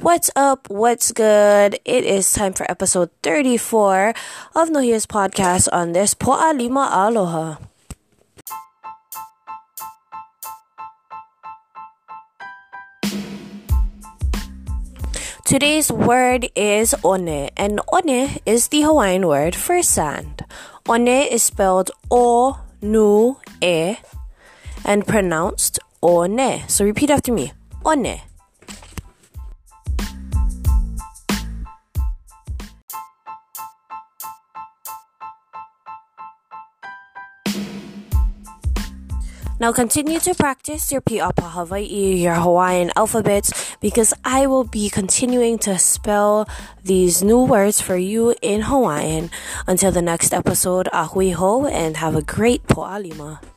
What's up? What's good? It is time for episode 34 of Nohia's podcast on this Poa Lima Aloha. Today's word is one, and one is the Hawaiian word for sand. One is spelled O nu e and pronounced one. So repeat after me. One. Now continue to practice your Pi'apa Hawaii, your Hawaiian alphabets, because I will be continuing to spell these new words for you in Hawaiian. Until the next episode, ahui ho and have a great po'alima.